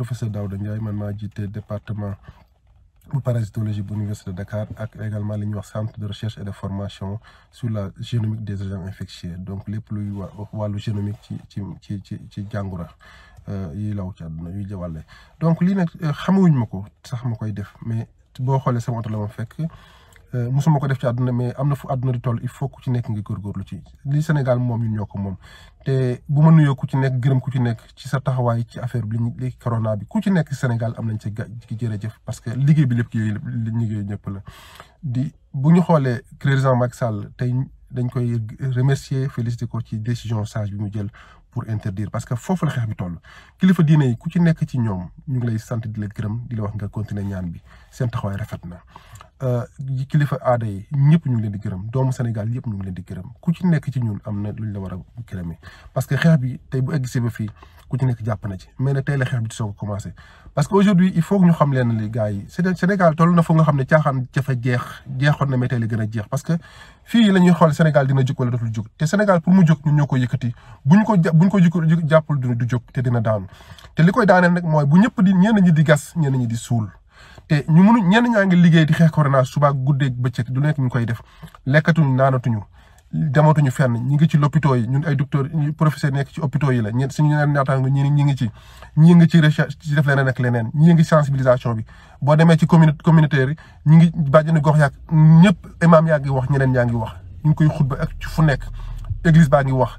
professeur Daouda Ndiaye man maa jiite département bu parasitologie bu université de Dakar ak également li ñuy wax centre de recherche et de formation su la génomique des agents infectieux donc lépp luy wàllu génomique ci ci ci ci ci jàngoro euh, yi law ci àdduna yuy jawàlle donc lii nag euh, xamuñ ma ko sax ma koy def mais boo xoolee sama oto la ma fekk. Euh, mosuma ko def ci àdduna mais am na fu àdduna di toll il faut ku ci nekk nga góorgóorlu ci li Sénégal moom ñun ñoo ko moom te bu ma nuyoo ku ci nekk gërëm ku ci nekk ci sa taxawaay ci affaire bi li corona bi ku ci nekk Sénégal am nañ ci jërëjëf parce que liggéey bi lépp ki yooyu liggéey ñëpp la di bu ñu xoolee président Macky Sall tey dañ koy remercier féliciter ko ci décision sage bi mu jël pour interdire parce que foofu la xeex bi toll kilifa diine yi ku ci nekk ci ñoom ñu ngi lay sant di la gërëm di la wax nga continuer ñaan bi seen taxawaay rafet na Euh, kilifa aada yi ñëpp ñu ngi leen di gërëm doomu Sénégal yëpp ñu ngi leen di gërëm ku ci nekk ci ñun am na luñ la war a gërëmee parce que xeex bi tey bu eggisee ba fii ku ci nekk jàpp na ci mais nag tey la xeex bi di soog a commencé parce que aujourd'hui il faut que ñu xam leen li gars yi Sénégal toll nga xam ne caaxaan jafe jeex jeexoon na mais tey la jeex parce que fii la ñuy xool Sénégal dina jóg wala dootul jóg te Sénégal pour mu jóg ñun ñoo ko yëkkati buñ ko buñ ko jàppul du jóg te dina daanu te li koy daaneel nag mooy bu ñëpp di ñenn ñi di gas ñenn ñi di suul te ñu mënu ñenn ñaa ngi liggéey di xeex corona suba guddeeg bëccëg du nekk ñu koy def lekkatuñu naanatuñu dematuñu fenn ñi ngi ci lopito yi ñun ay docteur professeur nekk ci hôpitaux yi la ñen suñu neen naataango ñi ñi ngi ci ñi ngi ci recherche ci def leneen ak leneen ñi ngi sensibilisation bi boo demee ci commune communautaire yi ñi ngi bàjjenu gox yaag ñëpp imaam yaa ngi wax ñeneen yaa ngi wax ñu ngi koy xutba ak ci fu nekk église baa ngi wax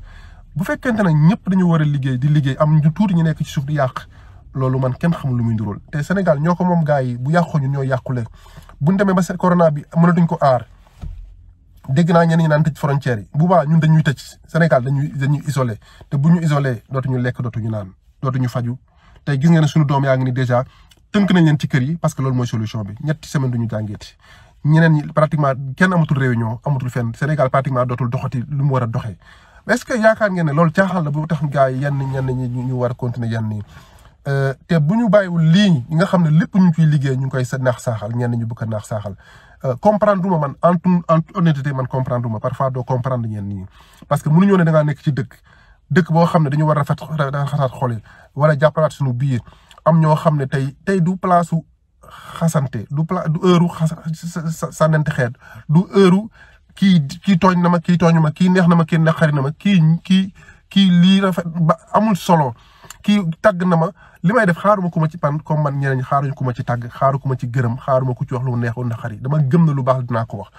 bu fekkente nag ñëpp dañu war a liggéey di liggéey am ñu tuuti ñu nekk ci suuf di yàq loolu man kenn xamul lu muy nduróol te Sénégal ñoo ko moom gars yi bu yàqoo ñun ñoo yàqule bu ñu demee ba corona bi mënatuñ ko aar dégg naa ñenn ñi naan tëj frontières yi bu baax ñun dañuy tëj Sénégal dañuy dañuy isolé te bu ñu isolé dootuñu lekk naan dootuñu faju tey gis nga ne suñu doom yaa ngi ni dèjà tënk nañ leen ci kër yi parce que loolu mooy solution bi ñetti semaine duñu jàngeeti ñeneen ñi pratiquement kenn amatul réunion amatul fenn Sénégal pratiquement dootul doxati lu mu war a doxee est ce que yaakaar ngeen ne loolu caaxaan la bu tax gars yi ñu war a continuer yenn Euh, te bu ñu bàyyiwul lii ñi nga xam ne lépp ñu ciy liggéey ñu ngi koy sa naax saaxal ñenn ñu bëgg a naax saaxal euh, comprendre duma man en tout en honnêteté man comprendre duma parfois doo comprendre ni ñi. parce que mënuñoo ne da ngaa nekk ci dëkk dëkk boo xam ne dañu war a rafet xasaat xol yi wala jàppalaat suñu biir am ñoo xam ne tey tey du place su xasante du pla du heure u xas sànnante xeet du heure kii kii tooñ na ma kii tooñu ma kii neex na ma kii naqari na ma kii kii kii lii rafet ba amul solo. kii tàgg na ma li may def xaaruma ku ma ci pan comme man ñeneen xaaruñu ku ma ci tàgg xaaru ku ma ci gërëm xaaruma ku ci wax lu neexul naqari dama gëm na lu baax dinaa ko wax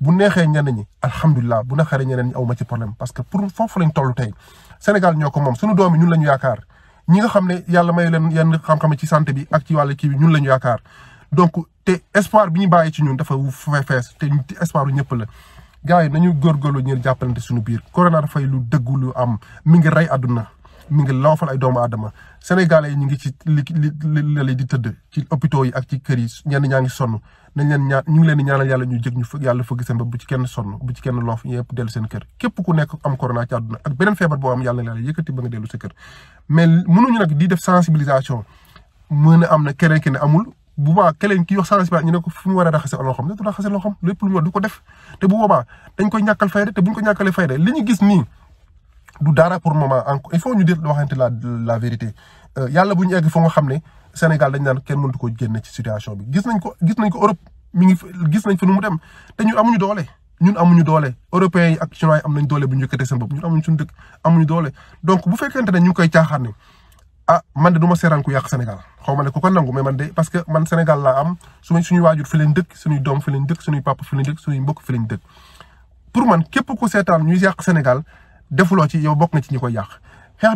bu neexee ñeneen ñi alhamdulilah bu naqaree ñeneen ñi aw ma ci problème parce que pour foofu lañ toll tey Sénégal ñoo ko moom suñu doom yi ñun lañu yaakaar ñi nga xam ne yàlla may leen yenn xam-xam ci santé bi ak ci wàllu ci bi ñun lañu yaakaar donc te espoir bi ñu bàyyi ci ñun dafa fees te espoir bu ñëpp la gars yi nañu góorgóorlu ñu jàppalante suñu biir corona dafay lu dëggu lu am mi ngi rey àdduna mi ngi lanfal ay doomu aadama sénégalais yi ñu ngi ci li di tëdd ci hôpitaux yi ak ci kër yi ñenn ñaa ngi sonn nañ leen ñaan ñu ngi leen di ñaanal yàlla ñu jëg ñu fëgg yàlla fëgg seen bu ci kenn sonn bu ci kenn loof ñëpp dellu seen kër képp ku nekk am corona ci àdduna ak beneen feebar boo am yàlla na yàlla yëkkati ba nga dellu sa kër mais mënuñu nag di def sensibilisation mën am na keneen ki ne amul bu boobaa keneen ki wax sensibilisation ñu ne ko fu mu war a raxase loo xam ne du raxase loo xam lépp lu mu war ko def te bu boobaa li ñu gis nii du dara pour moment encore il faut ñu déglu waxante la la vérité euh, yàlla bu ñu egg foo nga xam ne Sénégal dañ naan kenn mëntu ko génne ci situation bi gis nañ ko gis nañ ko Europe mi ngi gis nañ fi nu mu dem te ñun amuñu doole. ñun amuñu doole européens yi ak am nañ doole bu ñu yëkkatee seen bopp ñun amuñu suñu dëkk amuñu doole donc bu fekkente ne ñu ngi koy caaxaan ne ah man de du ma seeraan ku yàq Sénégal xaw ma ne ku ko nangu mais man de parce que man Sénégal laa am su suñu waajur fi leen dëkk suñuy doom fi leen dëkk suñuy papa fi leen dëkk suñuy mbokk fi pour man képp ku seetaan ñuy yàq Sénégal defuloo ci yow bokk na ci ñi koy yàq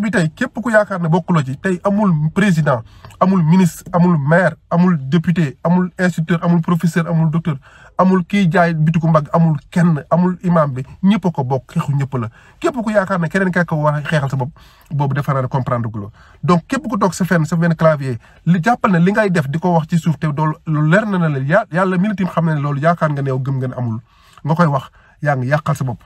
bi tey képp ku yaakaar ne bokkuloo ci tey amul président amul ministre amul maire amul député amul instituteur amul professeur amul docteur amul kiy jaay bitiku mbagg amul kenn amul imam bi ñëpp ko bokk xeexu ñëpp la. képp ku yaakaar ne keneen kaa ko war a xeexal sa bopp boobu defe naa ne comprendre gu la donc képp ku toog sa fenn sa benn clavier li jàppal ne li ngay def di ko wax ci suuf te doolu leer na ne la yàlla militim xam na loolu yaakaar nga ne yow gëm nga ne nga koy wax yaa ngi yàqal sa bopp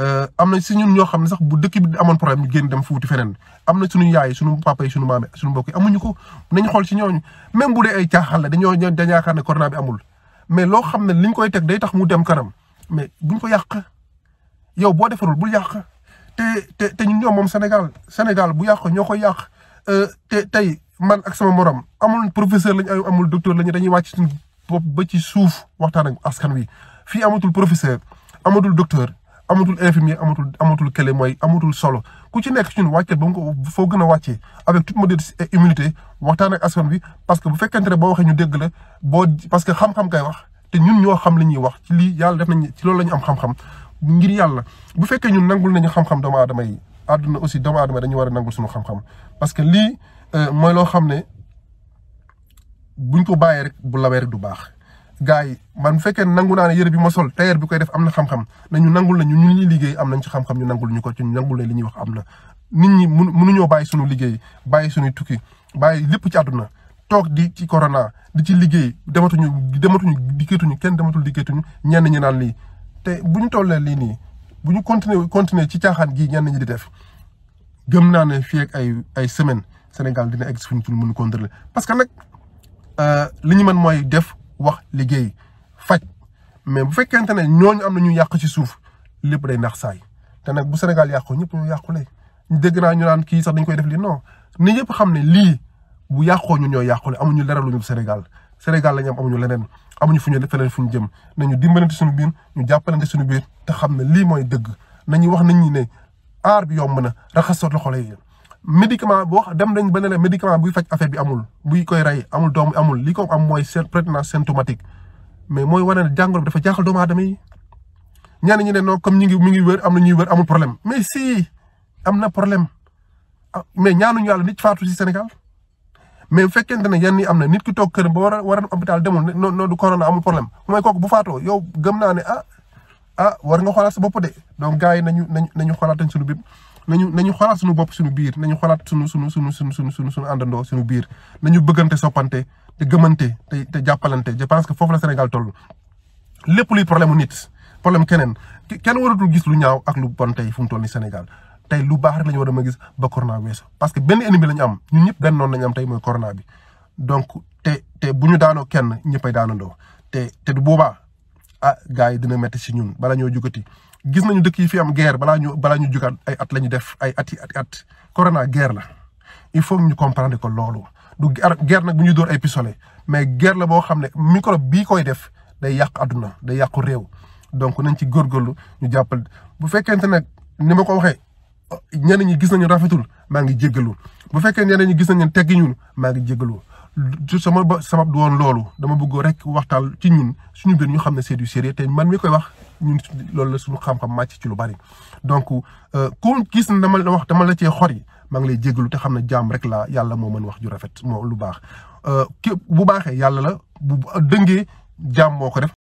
Euh, am na si ñun ñoo xam ne sax bu dëkk bi amoon problème ñu génn dem fuuti feneen am na suñu yaay suñu papa yi suñu maam yi suñu mbokk yi amuñu ko nañ xool si ñooñu même bu dee ay caaxaan la dañoo dañ yaakaar ne corona bi amul mais loo xam ne liñ koy teg day tax mu dem kanam mais buñ ko yàq yow boo defarul bul yàq te te te ñun moom Sénégal Sénégal bu yàq ñoo koy yàq euh, te tey man ak sama morom amul professeur lañ amul docteur lañu dañuy wàcc suñu bopp ba ci suuf waxtaan ak askan wi fii amatul professeur amatul docteur. amatul infirmier amatul amatul kële mooy amatul solo ku ci nekk ci ñun wàcceel ba mu ko foo gën a wàccee avec toute modalité et humilité waxtaan ak askan bi parce que bu fekkente ne boo waxee ñu dégg la boo parce que xam-xam kay wax te ñun ñoo xam li ñuy wax ci lii yàlla def nañ ci loolu la am xam-xam ngir yàlla bu fekkee ñun nangul nañu xam-xam doomu aadama yi àdduna aussi doomu aadama dañu war a nangul suñu xam-xam parce que lii euh, mooy loo xam ne buñ ko bàyyee rek bu lawee du baax. gars yi man bu fekkee nangu naa ne yëre bi ma sol tailleur bi koy def am na xam-xam nañu nangul na ñu ñun ñuy liggéey am nañ ci xam ñu nangul ñu ko ci ñu nangul ne am na nit ñi mun mënuñoo bàyyi suñu liggéey bàyyi suñu tukki bàyyi lépp ci àdduna toog di ci corona di ci liggéey dematuñu dematuñu liggéeyatuñu kenn dematul liggéeyatuñu ñenn ñu naan lii te bu ñu tollee lii nii bu ñu continuer continuer ci caaxaan gii ñenn ñi di def gëm naa ne fii ay ay semaine Sénégal dina egg si fu ñu mën contrôler parce que nag euh, li ñu mën mooy def wax liggéey faj mais bu fekkente ne ñooñu am na ñu yàq ci suuf lépp day nax saay te nag bu Sénégal yàqu ñëpp ñu yàqule ñu dégg naa ñu naan kii sax dañ koy def lii non ni ñëpp xam ne lii bu yàqoo ñun ñoo yàqule amuñu dara ñu Sénégal Sénégal la ñu am amuñu leneen amuñu fu ñu feneen fu ñu jëm nañu dimbalante suñu biir ñu jàppalante suñu biir te xam ne lii mooy dëgg nañu wax nañ ñi ne aar bi yomb na raxas loxo lay médicament boo xam dem nañ ba ne la médicament buy faj affaire bi amul buy koy rey amul doom amul lii ko am mooy seen prétendance symptomatique mais mooy wane ne jàngoro bi dafa jaaxal doomu aadama yi. ñenn ñi ne non comme ñu ngi mi ngi wër am na ñuy wër amul problème mais si am na problème ah, mais ñaanuñu yàlla nit faatu ci Sénégal mais bu fekkente ne yenn yi am na nit ki toog kër ba war a war a hôpital demul non non du corona amul problème mooy kooku bu faatoo yow gëm naa ne ah. ah war nga xoolaat sa bopp de donc gars yi nañu nañu nañu xoolaatañ suñu biir nañu nañu xoolaat suñu bopp suñu biir nañu xoolaat suñu suñu suñu suñu suñu suñu suñu àndandoo suñu biir nañu bëggante soppante te gëmante te jàppalante je pense que foofu la Sénégal toll lépp luy problème mu nit problème keneen kenn waratul gis lu ñaaw ak lu bon fu mu toll ni Sénégal tey lu baax rek la war a ma gis ba corona weesu parce que benn ennemi la ñu am ñun ñëpp benn noonu la am tey mooy corona bi donc te te bu ñu daanoo kenn ñëppay daanandoo te te du boobaa ah gars yi dina métti si ñun bala ñoo jugati gis nañu dëkk yi fi am guerre balaa ñu balaa ñu jugaat ay at la ñu def ay at yi at at corona guerre la il faut ñu comprendre ko loolu du guerre nag bu ñu door ay pisole mais guerre la boo xam ne microbe bii koy def day yàq àdduna day yàqu réew donc nañ ci góorgóorlu ñu jàppal bu fekkente nag ni ma ko waxee ñenn ñi gis nañu rafetul maa ngi jéggalu bu fekkee ñenn ñi gis nañu teggi ñun maa ngi jéggalu sama sabab du woon loolu dama bëgg rek waxtaan ci ñun suñu biir ñu xam ne c'est du te man mi koy wax ñun loolu la suñu xam-xam màcc ci lu bari donc comme euh, gis na dama la wax dama la cee xor yi maa ngi lay jégalu te xam ne jaam rek laa yàlla moo mën wax ju rafet moo lu baax. Euh, bu baaxee yàlla la bu dëngee jaam moo ko def